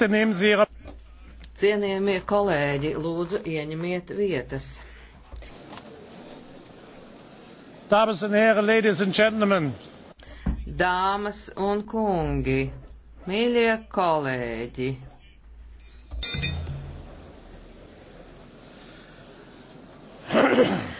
Cienījamie kolēģi, lūdzu ieņemiet vietas. Dāmas un herri, ladies and gentlemen. Dāmas un kungi, mīļie kolēģi. Ahem.